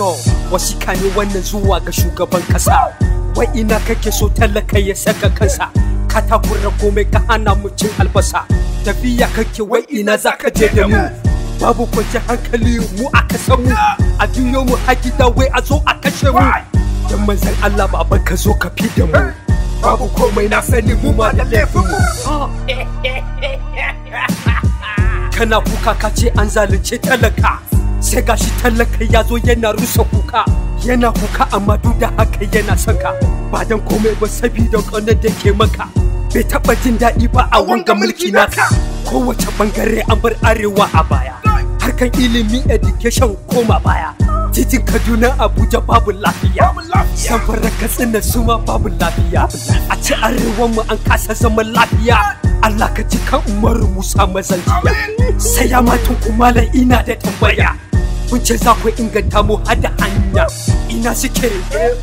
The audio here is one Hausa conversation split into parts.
yo wasu kane wannan zuwa ga shugaban kasa wai ina kake so talaka ya saka kansa ka komai ka hana mu cin albasa tafiya kake wai ina za ka je da mu babu kwanci hankali mu aka samu. mu a juyo mu hakita wai a zo a kashe mu dan manzan Allah baba ka zo ka fi da mu babu komai na sani mu ma da laifin mu kana kuka kace an zalunce talaka sai gashi tallaka ya zo yana rusa kuka yana kuka amma duk da haka yana saka ba dan komai ba sabida ƙaunar da ke maka bai taɓa jin daɗi ba a wanga mulki naka kowace bangare an bar arewa a baya harkan ilimi education koma baya titin kaduna abuja babu lafiya San samfara katsina suma babu lafiya a ci arewan mu an kasa zaman lafiya allah ka ci kan umaru musa mazanjiya sai ya matan kumala ina da tambaya kun ce za ku inganta mu hada hanya ina suke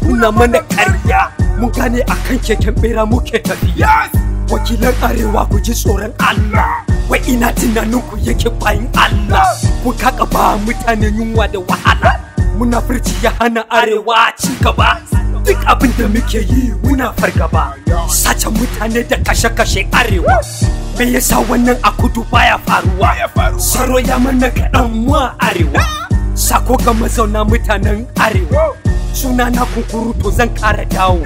kuna mana karya mun gane kan keken bera muke tafiya wakilan arewa ku ji tsoron Allah wai ina tunanin ku yake bayin Allah ku kaka ba mutane yunwa da wahala muna furci ya hana arewa ci gaba duk abin da muke yi muna fargaba sace mutane da kashe-kashe arewa me yasa wannan a kudu baya faruwa saro ya mana kaɗan mu arewa sako ga mazauna mutanen arewa suna na kukuru to zan kara dawo